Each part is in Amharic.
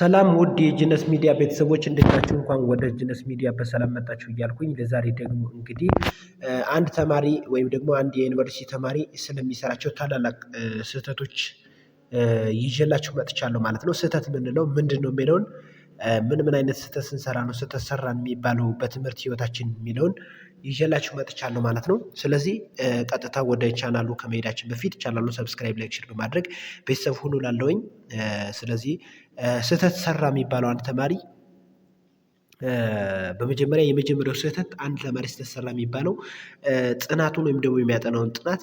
ሰላም ውድ የጂነስ ሚዲያ ቤተሰቦች እንዴት ናችሁ? እንኳን ወደ ጂነስ ሚዲያ በሰላም መጣችሁ እያልኩኝ ለዛሬ ደግሞ እንግዲህ አንድ ተማሪ ወይም ደግሞ አንድ የዩኒቨርሲቲ ተማሪ ስለሚሰራቸው ታላላቅ ስህተቶች ይዤላችሁ መጥቻለሁ ማለት ነው። ስህተት ምንለው ምንድን ነው የሚለውን ምን ምን አይነት ስህተት ስንሰራ ነው ስህተት ሰራን የሚባለው በትምህርት ህይወታችን የሚለውን ይዤላችሁ መጥቻለሁ ማለት ነው። ስለዚህ ቀጥታ ወደ ቻናሉ ከመሄዳችን በፊት ቻናሉ ሰብስክራይብ፣ ላይክ፣ ሼር በማድረግ ቤተሰብ ሁኑ ላለውኝ። ስለዚህ ስህተት ሰራ የሚባለው አንድ ተማሪ በመጀመሪያ የመጀመሪያው ስህተት አንድ ተማሪ ስህተት ሰራ የሚባለው ጥናቱን ወይም ደግሞ የሚያጠናውን ጥናት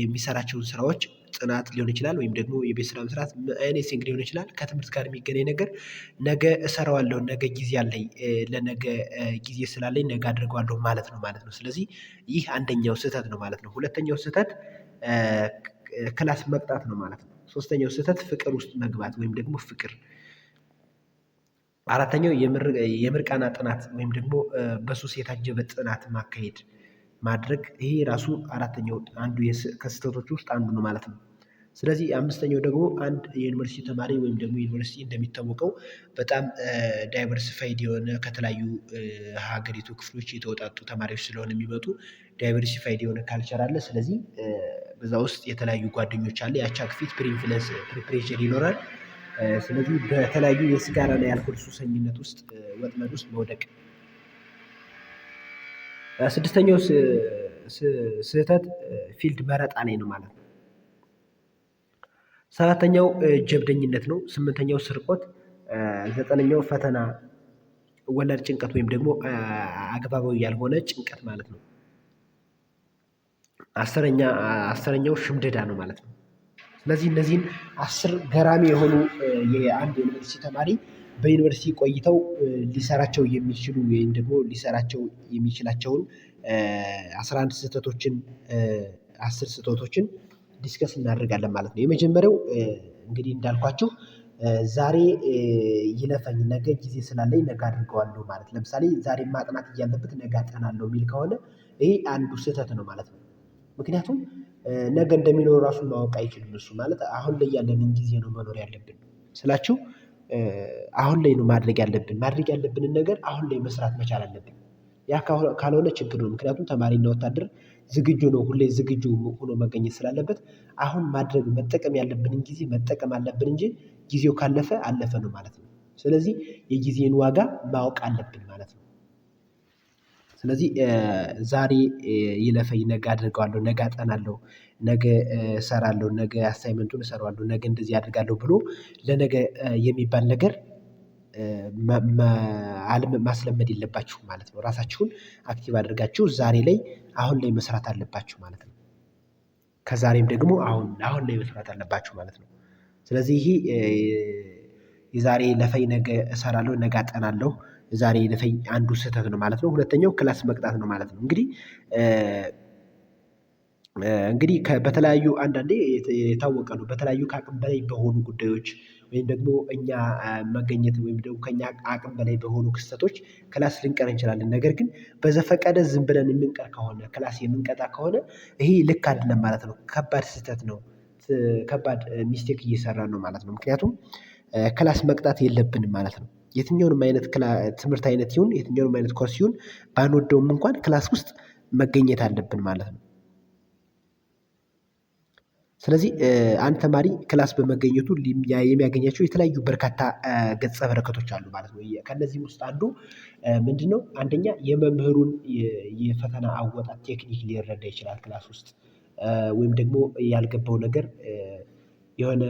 የሚሰራቸውን ስራዎች ጥናት ሊሆን ይችላል ወይም ደግሞ የቤት ስራ መስራት ኤኒሲንግ ሊሆን ይችላል ከትምህርት ጋር የሚገናኝ ነገር ነገ እሰራዋለሁ ነገ ጊዜ አለኝ ለነገ ጊዜ ስላለኝ ነገ አድርገዋለሁ ማለት ነው ማለት ነው። ስለዚህ ይህ አንደኛው ስህተት ነው ማለት ነው። ሁለተኛው ስህተት ክላስ መቅጣት ነው ማለት ነው። ሶስተኛው ስህተት ፍቅር ውስጥ መግባት ወይም ደግሞ ፍቅር አራተኛው የምርቃና ጥናት ወይም ደግሞ በሱስ የታጀበ ጥናት ማካሄድ ማድረግ ይሄ ራሱ አራተኛው አንዱ ከስህተቶች ውስጥ አንዱ ነው ማለት ነው ስለዚህ አምስተኛው ደግሞ አንድ የዩኒቨርሲቲ ተማሪ ወይም ደግሞ ዩኒቨርሲቲ እንደሚታወቀው በጣም ዳይቨርሲፋይድ የሆነ ከተለያዩ ሀገሪቱ ክፍሎች የተወጣጡ ተማሪዎች ስለሆነ የሚመጡ ዳይቨርሲፋይድ የሆነ ካልቸር አለ። ስለዚህ በዛ ውስጥ የተለያዩ ጓደኞች አለ የአቻ ግፊት ፕሪኢንፍለንስ ፕሪፕሬሽን ይኖራል። ስለዚህ በተለያዩ የስጋራ ላይ የአልኮል ሱሰኝነት ውስጥ ወጥመድ ውስጥ መውደቅ። ስድስተኛው ስህተት ፊልድ መረጣ ላይ ነው ማለት ነው ሰባተኛው ጀብደኝነት ነው። ስምንተኛው ስርቆት፣ ዘጠነኛው ፈተና ወለድ ጭንቀት ወይም ደግሞ አግባባዊ ያልሆነ ጭንቀት ማለት ነው። አስረኛ አስረኛው ሽምደዳ ነው ማለት ነው። ስለዚህ እነዚህን አስር ገራሚ የሆኑ የአንድ ዩኒቨርሲቲ ተማሪ በዩኒቨርሲቲ ቆይተው ሊሰራቸው የሚችሉ ወይም ደግሞ ሊሰራቸው የሚችላቸውን አስራ አንድ ስህተቶችን አስር ስህተቶችን ዲስከስ እናደርጋለን ማለት ነው። የመጀመሪያው እንግዲህ እንዳልኳችሁ ዛሬ ይለፈኝ ነገ ጊዜ ስላለኝ ነገ አድርገዋለሁ ማለት ለምሳሌ ዛሬ ማጥናት እያለበት ነገ አጠናለሁ የሚል ከሆነ ይሄ አንዱ ስህተት ነው ማለት ነው። ምክንያቱም ነገ እንደሚኖር ራሱ ማወቅ አይችልም እሱ ማለት አሁን ላይ ያለንን ጊዜ ነው መኖር ያለብን ስላችሁ አሁን ላይ ነው ማድረግ ያለብን ማድረግ ያለብንን ነገር አሁን ላይ መስራት መቻል አለብን ያ ካልሆነ ችግር ነው። ምክንያቱም ተማሪና ወታደር ዝግጁ ነው ሁሌ ዝግጁ ሆኖ መገኘት ስላለበት አሁን ማድረግ መጠቀም ያለብንን ጊዜ መጠቀም አለብን እንጂ ጊዜው ካለፈ አለፈ ነው ማለት ነው። ስለዚህ የጊዜን ዋጋ ማወቅ አለብን ማለት ነው። ስለዚህ ዛሬ ይለፈኝ ነገ አድርገዋለሁ፣ ነገ አጠናለሁ ነገ እሰራለሁ ነገ አሳይመንቱን እሰራዋለሁ ነገ እንደዚህ አድርጋለሁ ብሎ ለነገ የሚባል ነገር ማስለመድ የለባችሁም ማለት ነው። ራሳችሁን አክቲቭ አድርጋችሁ ዛሬ ላይ አሁን ላይ መስራት አለባችሁ ማለት ነው። ከዛሬም ደግሞ አሁን አሁን ላይ መስራት አለባችሁ ማለት ነው። ስለዚህ ይሄ የዛሬ ለፈይ ነገ እሰራለሁ ነገ አጠናለሁ ዛሬ ለፈይ አንዱ ስህተት ነው ማለት ነው። ሁለተኛው ክላስ መቅጣት ነው ማለት ነው። እንግዲህ እንግዲህ በተለያዩ አንዳንዴ የታወቀ ነው በተለያዩ ከአቅም በላይ በሆኑ ጉዳዮች ወይም ደግሞ እኛ መገኘት ወይም ደግሞ ከኛ አቅም በላይ በሆኑ ክስተቶች ክላስ ልንቀር እንችላለን። ነገር ግን በዘፈቀደ ዝም ብለን የምንቀር ከሆነ ክላስ የምንቀጣ ከሆነ ይሄ ልክ አይደለም ማለት ነው። ከባድ ስህተት ነው። ከባድ ሚስቴክ እየሰራ ነው ማለት ነው። ምክንያቱም ክላስ መቅጣት የለብንም ማለት ነው። የትኛውንም አይነት ትምህርት አይነት ይሁን የትኛውንም አይነት ኮርስ ይሁን ባንወደውም እንኳን ክላስ ውስጥ መገኘት አለብን ማለት ነው ስለዚህ አንድ ተማሪ ክላስ በመገኘቱ የሚያገኛቸው የተለያዩ በርካታ ገጸ በረከቶች አሉ ማለት ነው። ከእነዚህም ውስጥ አንዱ ምንድነው? አንደኛ የመምህሩን የፈተና አወጣት ቴክኒክ ሊረዳ ይችላል ክላስ ውስጥ ወይም ደግሞ ያልገባው ነገር የሆነ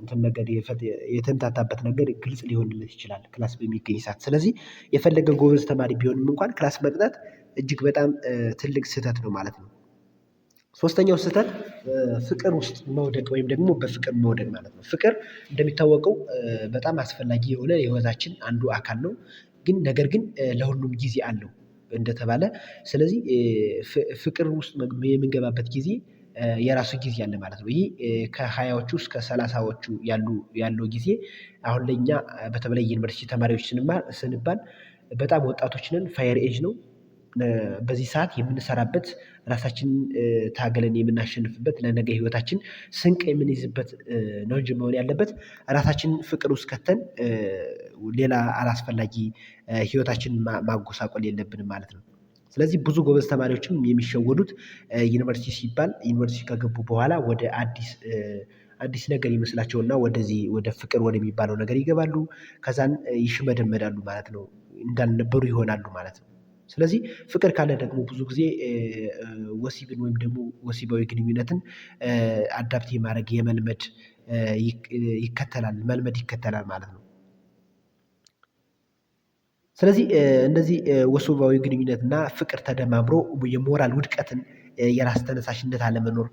እንትን ነገር የተንታታበት ነገር ግልጽ ሊሆንለት ይችላል ክላስ በሚገኝ ሰዓት ስለዚህ የፈለገ ጎበዝ ተማሪ ቢሆንም እንኳን ክላስ መቅረት እጅግ በጣም ትልቅ ስህተት ነው ማለት ነው ሶስተኛው ስህተት ፍቅር ውስጥ መውደቅ ወይም ደግሞ በፍቅር መውደቅ ማለት ነው። ፍቅር እንደሚታወቀው በጣም አስፈላጊ የሆነ የህይወታችን አንዱ አካል ነው። ግን ነገር ግን ለሁሉም ጊዜ አለው እንደተባለ ስለዚህ ፍቅር ውስጥ የምንገባበት ጊዜ የራሱ ጊዜ አለ ማለት ነው። ይህ ከሃያዎቹ እስከ ሰላሳዎቹ ያለው ጊዜ አሁን ለእኛ በተለይ ዩኒቨርሲቲ ተማሪዎች ስንማር ስንባል በጣም ወጣቶች ፋየር ኤጅ ነው በዚህ ሰዓት የምንሰራበት ራሳችን ታገለን የምናሸንፍበት ለነገ ህይወታችን ስንቅ የምንይዝበት ነው እንጂ መሆን ያለበት ራሳችን ፍቅር ውስጥ ከተን ሌላ አላስፈላጊ ህይወታችንን ማጎሳቆል የለብንም ማለት ነው። ስለዚህ ብዙ ጎበዝ ተማሪዎችም የሚሸወዱት ዩኒቨርሲቲ ሲባል ዩኒቨርሲቲ ከገቡ በኋላ ወደ አዲስ አዲስ ነገር ይመስላቸውና ወደዚህ ወደ ፍቅር ወደሚባለው ነገር ይገባሉ ከዛን ይሽመደመዳሉ ማለት ነው። እንዳልነበሩ ይሆናሉ ማለት ነው ስለዚህ ፍቅር ካለ ደግሞ ብዙ ጊዜ ወሲብን ወይም ደግሞ ወሲባዊ ግንኙነትን አዳፕት የማድረግ የመልመድ ይከተላል መልመድ ይከተላል ማለት ነው። ስለዚህ እንደዚህ ወሲባዊ ግንኙነት ፍቅር ተደማምሮ የሞራል ውድቀትን የራስ ተነሳሽነት አለመኖር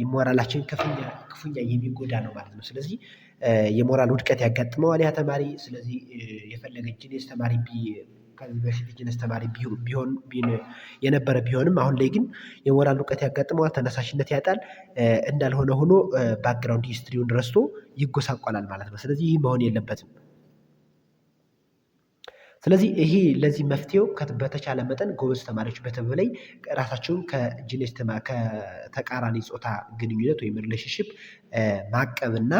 የሞራላችን ክፉኛ ክፉኛ የሚጎዳ ነው ማለት ነው። ስለዚህ የሞራል ውድቀት ያጋጥመዋል ያ ተማሪ ስለዚህ የፈለገች እኔስ ተማሪ ከዚህ በፊት ቢዝነስ ተማሪ ቢሆን የነበረ ቢሆንም አሁን ላይ ግን የሞራል እውቀት ያጋጥመዋል፣ ተነሳሽነት ያጣል። እንዳልሆነ ሆኖ ባክግራውንድ ሂስትሪውን ረስቶ ይጎሳቋላል ማለት ነው። ስለዚህ ይህ መሆን የለበትም። ስለዚህ ይሄ ለዚህ መፍትሄው በተቻለ መጠን ጎበዝ ተማሪዎች በተለይ ራሳቸውን ከጅንስ ከተቃራኒ ጾታ ግንኙነት ወይም ሪሌሽንሽፕ ማቀብና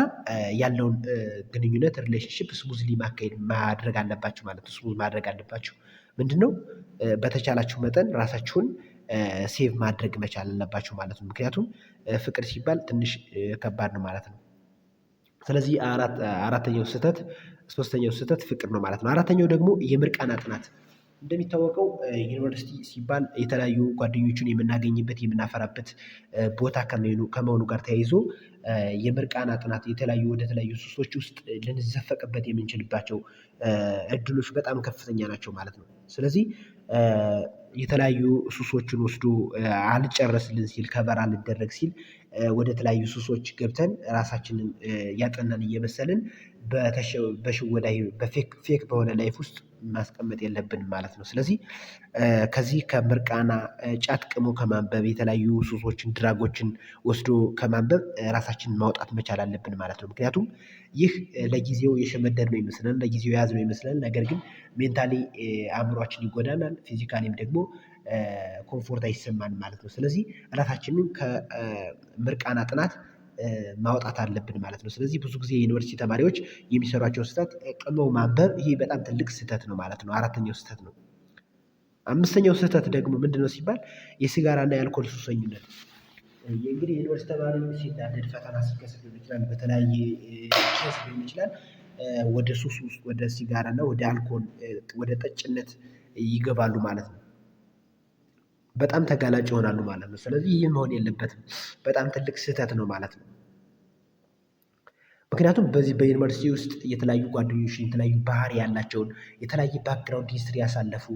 ያለውን ግንኙነት ሪሌሽንሽፕ ስሙዝሊ ማካሄድ ማድረግ አለባቸው ማለት ነው። ስሙዝ ማድረግ አለባቸው ምንድነው? በተቻላችሁ መጠን ራሳችሁን ሴቭ ማድረግ መቻል አለባቸው ማለት ነው። ምክንያቱም ፍቅር ሲባል ትንሽ ከባድ ነው ማለት ነው። ስለዚህ አራተኛው ስህተት ሶስተኛው ስህተት ፍቅር ነው ማለት ነው። አራተኛው ደግሞ የምርቃና ጥናት እንደሚታወቀው ዩኒቨርሲቲ ሲባል የተለያዩ ጓደኞቹን የምናገኝበት የምናፈራበት ቦታ ከመሆኑ ጋር ተያይዞ የምርቃና ጥናት የተለያዩ ወደ ተለያዩ ሱሶች ውስጥ ልንዘፈቅበት የምንችልባቸው እድሎች በጣም ከፍተኛ ናቸው ማለት ነው። ስለዚህ የተለያዩ ሱሶችን ወስዶ አልጨረስልን ሲል ከበር አልደረግ ሲል ወደ ተለያዩ ሱሶች ገብተን ራሳችንን ያጠናን እየመሰልን ላይ በፌክ በሆነ ላይፍ ውስጥ ማስቀመጥ የለብንም ማለት ነው። ስለዚህ ከዚህ ከምርቃና ጫት ቅሞ ከማንበብ የተለያዩ ሱሶችን ድራጎችን ወስዶ ከማንበብ ራሳችንን ማውጣት መቻል አለብን ማለት ነው። ምክንያቱም ይህ ለጊዜው ነው ይመስለን፣ ለጊዜው የያዝነው ይመስለን፣ ነገር ግን ሜንታሊ አእምሯችን ይጎዳናል ፊዚካሊም ደግሞ ኮንፎርት አይሰማን ማለት ነው። ስለዚህ ራሳችንን ከምርቃና ጥናት ማውጣት አለብን ማለት ነው። ስለዚህ ብዙ ጊዜ የዩኒቨርሲቲ ተማሪዎች የሚሰሯቸው ስህተት ቅመው ማንበብ ይሄ በጣም ትልቅ ስህተት ነው ማለት ነው። አራተኛው ስህተት ነው። አምስተኛው ስህተት ደግሞ ምንድነው ሲባል የሲጋራና የአልኮል ሱሰኝነት። እንግዲህ የዩኒቨርሲቲ ተማሪ ሲናደድ፣ ፈተና ሲከሰት ሊሆን ይችላል፣ በተለያየ ኬስ ሊሆን ይችላል ወደ ሱስ ውስጥ ወደ ሲጋራና ወደ አልኮል ወደ ጠጭነት ይገባሉ ማለት ነው። በጣም ተጋላጭ ይሆናሉ ማለት ነው። ስለዚህ ይህ መሆን የለበትም። በጣም ትልቅ ስህተት ነው ማለት ነው። ምክንያቱም በዚህ በዩኒቨርሲቲ ውስጥ የተለያዩ ጓደኞችን የተለያዩ ባህሪ ያላቸውን የተለያየ ባክግራውንድ ሂስትሪ ያሳለፉ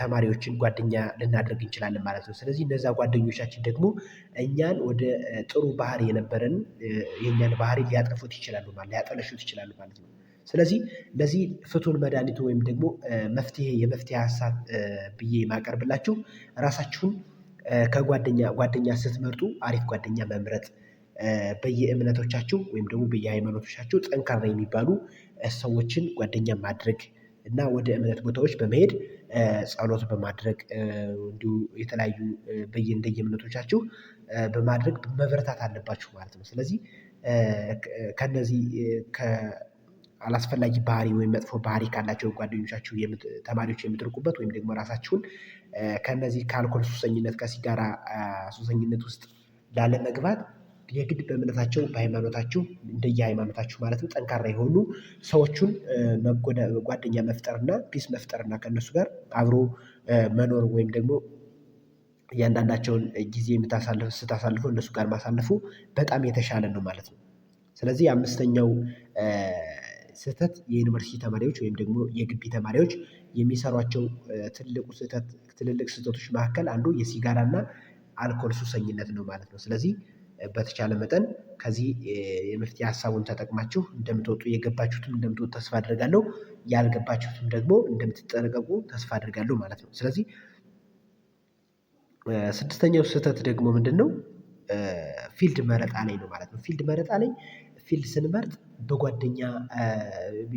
ተማሪዎችን ጓደኛ ልናደርግ እንችላለን ማለት ነው። ስለዚህ እነዛ ጓደኞቻችን ደግሞ እኛን ወደ ጥሩ ባህሪ የነበረን የእኛን ባህሪ ሊያጠፉት ይችላሉ ማለት ሊያጠለሹት ይችላሉ ማለት ነው። ስለዚህ ለዚህ ፍቱን መድኃኒቱ ወይም ደግሞ መፍትሄ የመፍትሄ ሀሳብ ብዬ የማቀርብላችሁ ራሳችሁን ከጓደኛ ጓደኛ ስትመርጡ አሪፍ ጓደኛ መምረጥ በየእምነቶቻችሁ ወይም ደግሞ በየሃይማኖቶቻችሁ ጠንካራ የሚባሉ ሰዎችን ጓደኛ ማድረግ እና ወደ እምነት ቦታዎች በመሄድ ጸሎት በማድረግ እንዲሁ የተለያዩ በየ እምነቶቻችሁ በማድረግ መበረታት አለባችሁ ማለት ነው። ስለዚህ ከነዚህ አላስፈላጊ ባህሪ ወይም መጥፎ ባህሪ ካላቸው ጓደኞቻችሁ ተማሪዎች የምትርቁበት ወይም ደግሞ ራሳችሁን ከእነዚህ ከአልኮል ሱሰኝነት ከሲጋራ ሱሰኝነት ውስጥ ላለመግባት የግድ በእምነታቸው በሃይማኖታችሁ እንደየ ሃይማኖታችሁ ማለትም ጠንካራ የሆኑ ሰዎቹን ጓደኛ መፍጠርና ፒስ መፍጠርና ከእነሱ ጋር አብሮ መኖር ወይም ደግሞ እያንዳንዳቸውን ጊዜ ስታሳልፉ እነሱ ጋር ማሳለፉ በጣም የተሻለ ነው ማለት ነው። ስለዚህ አምስተኛው ስህተት የዩኒቨርሲቲ ተማሪዎች ወይም ደግሞ የግቢ ተማሪዎች የሚሰሯቸው ትልቁ ስህተት ትልልቅ ስህተቶች መካከል አንዱ የሲጋራ እና አልኮል ሱሰኝነት ነው ማለት ነው። ስለዚህ በተቻለ መጠን ከዚህ የመፍትሄ ሀሳቡን ተጠቅማችሁ እንደምትወጡ የገባችሁትም እንደምትወጡ ተስፋ አድርጋለሁ ያልገባችሁትም ደግሞ እንደምትጠነቀቁ ተስፋ አድርጋለሁ ማለት ነው። ስለዚህ ስድስተኛው ስህተት ደግሞ ምንድነው? ፊልድ መረጣ ላይ ነው ማለት ነው። ፊልድ መረጣ ላይ ፊልድ ስንመርጥ በጓደኛ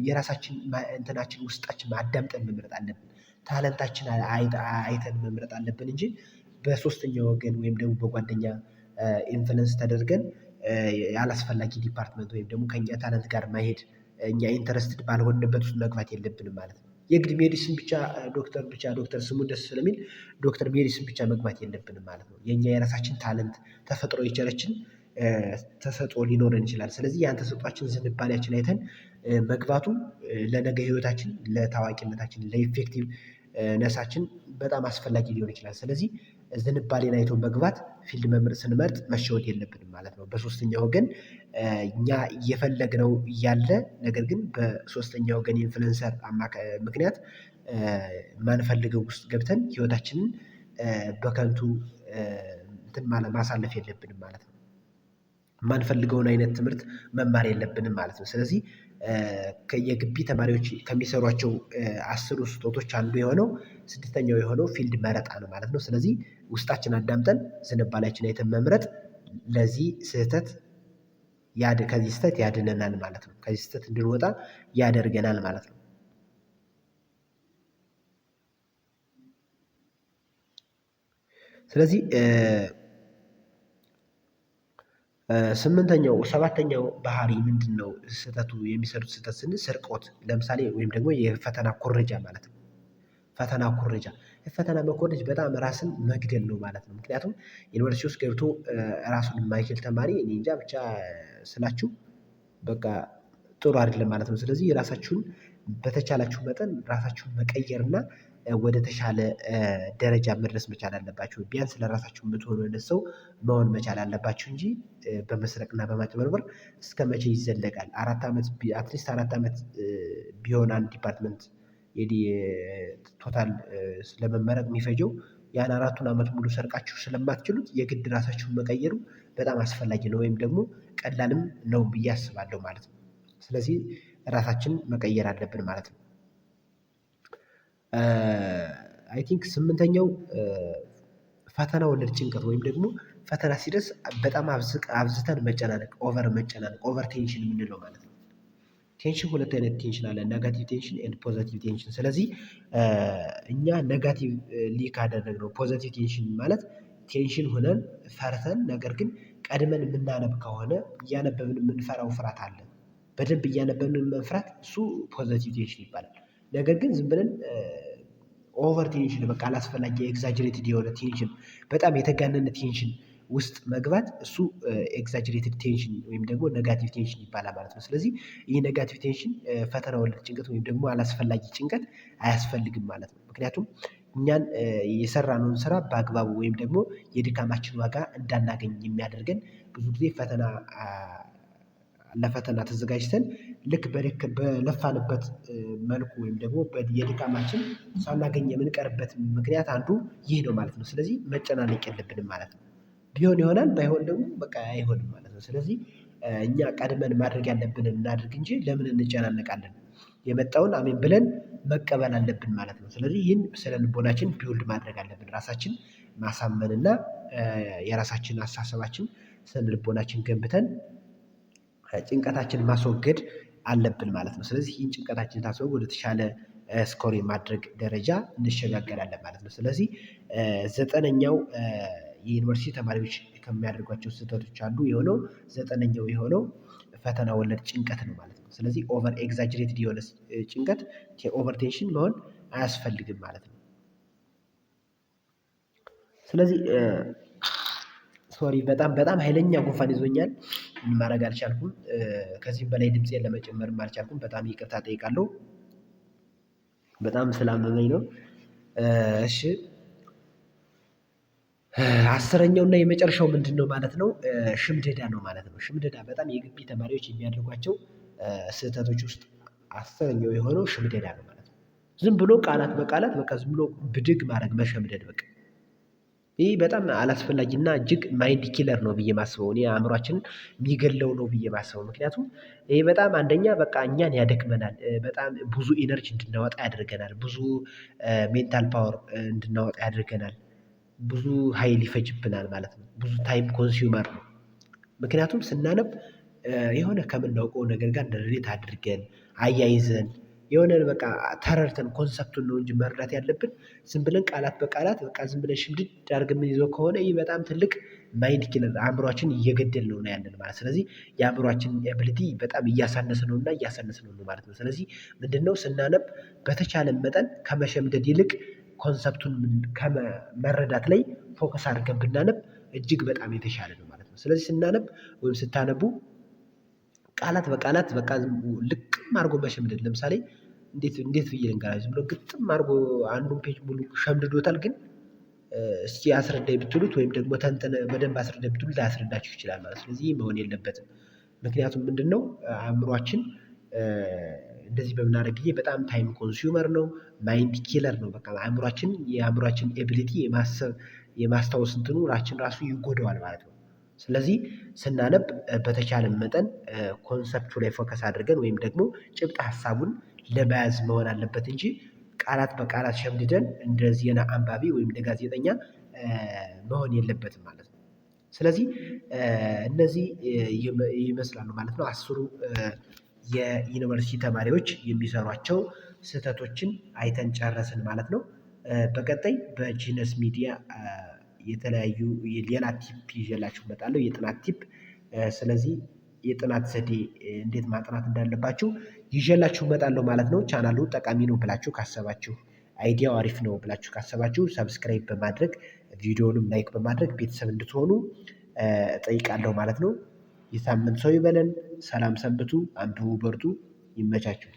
የራሳችን እንትናችን ውስጣችን አዳምጠን መምረጥ አለብን። ታለንታችን አይተን መምረጥ አለብን እንጂ በሶስተኛ ወገን ወይም ደግሞ በጓደኛ ኢንፍሉንስ ተደርገን ያላስፈላጊ ዲፓርትመንት ወይም ደግሞ ከኛ ታለንት ጋር ማሄድ እኛ ኢንተረስትድ ባልሆንበት ውስጥ መግባት የለብንም ማለት ነው። የግድ ሜዲስን ብቻ ዶክተር ብቻ ዶክተር ስሙ ደስ ስለሚል ዶክተር ሜዲስን ብቻ መግባት የለብንም ማለት ነው። የኛ የራሳችን ታለንት ተፈጥሮ የቸረችን ተሰጦ ሊኖረን ይችላል። ስለዚህ ያን ተሰጥኦአችን ዝንባሌያችን አይተን መግባቱ ለነገ ህይወታችን ለታዋቂነታችን ለኢፌክቲቭ ነሳችን በጣም አስፈላጊ ሊሆን ይችላል። ስለዚህ ዝንባሌን አይቶ መግባት ፊልድ መምር ስንመርጥ መሸወድ የለብንም ማለት ነው። በሶስተኛ ወገን እኛ እየፈለግነው እያለ ነገር ግን በሶስተኛ ወገን ኢንፍሉዌንሰር ምክንያት የማንፈልገው ውስጥ ገብተን ህይወታችንን በከንቱ እንትን ማሳለፍ የለብንም ማለት ነው የማንፈልገውን አይነት ትምህርት መማር የለብንም ማለት ነው። ስለዚህ የግቢ ተማሪዎች ከሚሰሯቸው አስሩ ስህተቶች አንዱ የሆነው ስድስተኛው የሆነው ፊልድ መረጣ ነው ማለት ነው። ስለዚህ ውስጣችን አዳምጠን ዝንባላችን አይተን መምረጥ ለዚህ ስህተት ከዚህ ስህተት ያድነናል ማለት ነው። ከዚህ ስህተት እንድንወጣ ያደርገናል ማለት ነው። ስለዚህ ስምንተኛው ሰባተኛው ባህሪ ምንድነው? ስህተቱ የሚሰሩት ስህተት ስንል ስርቆት ለምሳሌ ወይም ደግሞ የፈተና ኮረጃ ማለት ነው። ፈተና ኮረጃ፣ ፈተና መኮረጅ በጣም ራስን መግደል ነው ማለት ነው። ምክንያቱም ዩኒቨርሲቲ ውስጥ ገብቶ ራሱን የማይችል ተማሪ እኔ እንጃ ብቻ ስላችሁ በቃ ጥሩ አይደለም ማለት ነው። ስለዚህ የራሳችሁን በተቻላችሁ መጠን ራሳችሁን መቀየር እና ወደ ተሻለ ደረጃ መድረስ መቻል አለባችሁ። ቢያንስ ለራሳችሁ የምትሆኑ አይነት ሰው መሆን መቻል አለባችሁ እንጂ በመስረቅና በማጭበርበር እስከ መቼ ይዘለቃል? አራት ዓመት አትሊስት አራት ዓመት ቢሆን አንድ ዲፓርትመንት ቶታል ስለመመረቅ የሚፈጀው ያን አራቱን ዓመት ሙሉ ሰርቃችሁ ስለማትችሉት የግድ ራሳችሁን መቀየሩ በጣም አስፈላጊ ነው፣ ወይም ደግሞ ቀላልም ነው ብዬ አስባለሁ ማለት ነው። ስለዚህ ራሳችን መቀየር አለብን ማለት ነው። አይ ቲንክ ስምንተኛው ፈተና ወለድ ጭንቀት ወይም ደግሞ ፈተና ሲደርስ በጣም አብዝተን መጨናነቅ፣ ኦቨር መጨናነቅ፣ ኦቨር ቴንሽን የምንለው ማለት ነው። ቴንሽን ሁለት አይነት ቴንሽን አለ፣ ነጋቲቭ ቴንሽን ኤንድ ፖዘቲቭ ቴንሽን። ስለዚህ እኛ ነጋቲቭ ሊ ነው ፖዘቲቭ ቴንሽን ማለት ቴንሽን ሆነን ፈርተን ነገር ግን ቀድመን የምናነብ ከሆነ እያነበብን የምንፈራው ፍርሃት አለ። በደንብ እያነበብን መፍራት እሱ ፖዘቲቭ ቴንሽን ይባላል። ነገር ግን ዝም ብለን ኦቨር ቴንሽን በቃ አላስፈላጊ ኤግዛጀሬትድ የሆነ ቴንሽን በጣም የተጋነነ ቴንሽን ውስጥ መግባት እሱ ኤግዛጀሬትድ ቴንሽን ወይም ደግሞ ነጋቲቭ ቴንሽን ይባላል ማለት ነው። ስለዚህ ይህ ነጋቲቭ ቴንሽን ፈተና ወለድ ጭንቀት ወይም ደግሞ አላስፈላጊ ጭንቀት አያስፈልግም ማለት ነው። ምክንያቱም እኛን የሰራነውን ስራ በአግባቡ ወይም ደግሞ የድካማችን ዋጋ እንዳናገኝ የሚያደርገን ብዙ ጊዜ ፈተና ለፈተና ተዘጋጅተን ልክ በለፋንበት መልኩ ወይም ደግሞ የድካማችን ሳናገኝ የምንቀርበት ምክንያት አንዱ ይህ ነው ማለት ነው። ስለዚህ መጨናነቅ የለብንም ማለት ነው። ቢሆን ይሆናል ባይሆን ደግሞ በቃ አይሆንም ማለት ነው። ስለዚህ እኛ ቀድመን ማድረግ ያለብንን እናድርግ እንጂ ለምን እንጨናነቃለን? የመጣውን አሜን ብለን መቀበል አለብን ማለት ነው። ስለዚህ ይህን ስለ ልቦናችን ቢውልድ ማድረግ አለብን። ራሳችን ማሳመንና የራሳችን አስተሳሰባችን ስለ ልቦናችን ገንብተን ጭንቀታችን ማስወገድ አለብን ማለት ነው። ስለዚህ ይህን ጭንቀታችን ታስወግ ወደ ተሻለ ስኮር የማድረግ ደረጃ እንሸጋገራለን ማለት ነው። ስለዚህ ዘጠነኛው የዩኒቨርሲቲ ተማሪዎች ከሚያደርጓቸው ስህተቶች አንዱ የሆነው ዘጠነኛው የሆነው ፈተና ወለድ ጭንቀት ነው ማለት ነው። ስለዚህ ኦቨር ኤግዛጅሬትድ የሆነ ጭንቀት ኦቨር ቴንሽን መሆን አያስፈልግም ማለት ነው። ስለዚህ ሶሪ በጣም በጣም ኃይለኛ ጉንፋን ይዞኛል። ማድረግ አልቻልኩም። ከዚህም በላይ ድምፄን ለመጨመር አልቻልኩም። በጣም ይቅርታ ጠይቃለሁ። በጣም ስላመመኝ ነው። እሺ አስረኛው እና የመጨረሻው ምንድን ነው ማለት ነው? ሽምደዳ ነው ማለት ነው። ሽምደዳ በጣም የግቢ ተማሪዎች የሚያደርጓቸው ስህተቶች ውስጥ አስረኛው የሆነው ሽምደዳ ነው ማለት ነው። ዝም ብሎ ቃላት በቃላት በቃ ዝም ብሎ ብድግ ማድረግ መሸምደድ በቃ ይህ በጣም አላስፈላጊና እጅግ ማይንድ ኪለር ነው ብዬ ማስበው እኔ አእምሯችን የሚገለው ነው ብዬ ማስበው። ምክንያቱም ይህ በጣም አንደኛ በቃ እኛን ያደክመናል በጣም ብዙ ኢነርጂ እንድናወጣ ያደርገናል ብዙ ሜንታል ፓወር እንድናወጣ ያደርገናል ብዙ ሀይል ይፈጅብናል ማለት ነው። ብዙ ታይም ኮንሱመር ነው። ምክንያቱም ስናነብ የሆነ ከምናውቀው ነገር ጋር ሪሌት አድርገን አያይዘን የሆነ በቃ ተረርተን ኮንሰፕቱን ነው እንጂ መርዳት ያለብን ዝም ብለን ቃላት በቃላት በቃ ዝም ብለን ሽምድድ አድርገን የምንይዘው ከሆነ ይህ በጣም ትልቅ ማይንድ ኪለር አእምሯችን እየገደል ነው ያለን ማለት ስለዚህ የአእምሯችን ኤብሊቲ በጣም እያሳነሰ ነው እና እያሳነሰ ነው ማለት ነው ስለዚህ ምንድነው ስናነብ በተቻለ መጠን ከመሸምደድ ይልቅ ኮንሰፕቱን ከመረዳት ላይ ፎከስ አድርገን ብናነብ እጅግ በጣም የተሻለ ነው ማለት ነው ስለዚህ ስናነብ ወይም ስታነቡ ቃላት በቃላት በቃ ልቅም አድርጎ መሸምደድ። ለምሳሌ እንዴት እንዴት ብዬ ልንገራችሁ? ዝም ብሎ ግጥም አድርጎ አንዱን ፔጅ ሙሉ ሸምድዶታል። ግን እስኪ አስረዳይ ብትሉት ወይም ደግሞ ተንተነ በደንብ አስረዳይ ብትሉት ላያስረዳችሁ ይችላል ማለት ስለዚህ መሆን የለበትም። ምክንያቱም ምንድነው አእምሯችን እንደዚህ በምናደርግ ጊዜ በጣም ታይም ኮንሱመር ነው፣ ማይንድ ኪለር ነው። በቃ አእምሯችን የአእምሯችን ኤቢሊቲ የማሰብ የማስታወስ እንትኑ ራችን ራሱ ይጎደዋል ማለት ነው። ስለዚህ ስናነብ በተቻለ መጠን ኮንሰፕቱ ላይ ፎከስ አድርገን ወይም ደግሞ ጭብጥ ሀሳቡን ለመያዝ መሆን አለበት እንጂ ቃላት በቃላት ሸምድደን እንደ ዜና አንባቢ ወይም እንደ ጋዜጠኛ መሆን የለበትም ማለት ነው። ስለዚህ እነዚህ ይመስላሉ ማለት ነው አስሩ የዩኒቨርሲቲ ተማሪዎች የሚሰሯቸው ስህተቶችን አይተን ጨረስን ማለት ነው። በቀጣይ በጂነስ ሚዲያ የተለያዩ ሌላ ቲፕ ይዤላችሁ እመጣለሁ፣ የጥናት ቲፕ። ስለዚህ የጥናት ዘዴ እንዴት ማጥናት እንዳለባችሁ ይዤላችሁ እመጣለሁ ማለት ነው። ቻናሉ ጠቃሚ ነው ብላችሁ ካሰባችሁ፣ አይዲያው አሪፍ ነው ብላችሁ ካሰባችሁ ሰብስክራይብ በማድረግ ቪዲዮንም ላይክ በማድረግ ቤተሰብ እንድትሆኑ እጠይቃለሁ ማለት ነው። የሳምንት ሰው ይበለን። ሰላም ሰንብቱ። አንብቡ፣ በርቱ። ይመቻችሁ።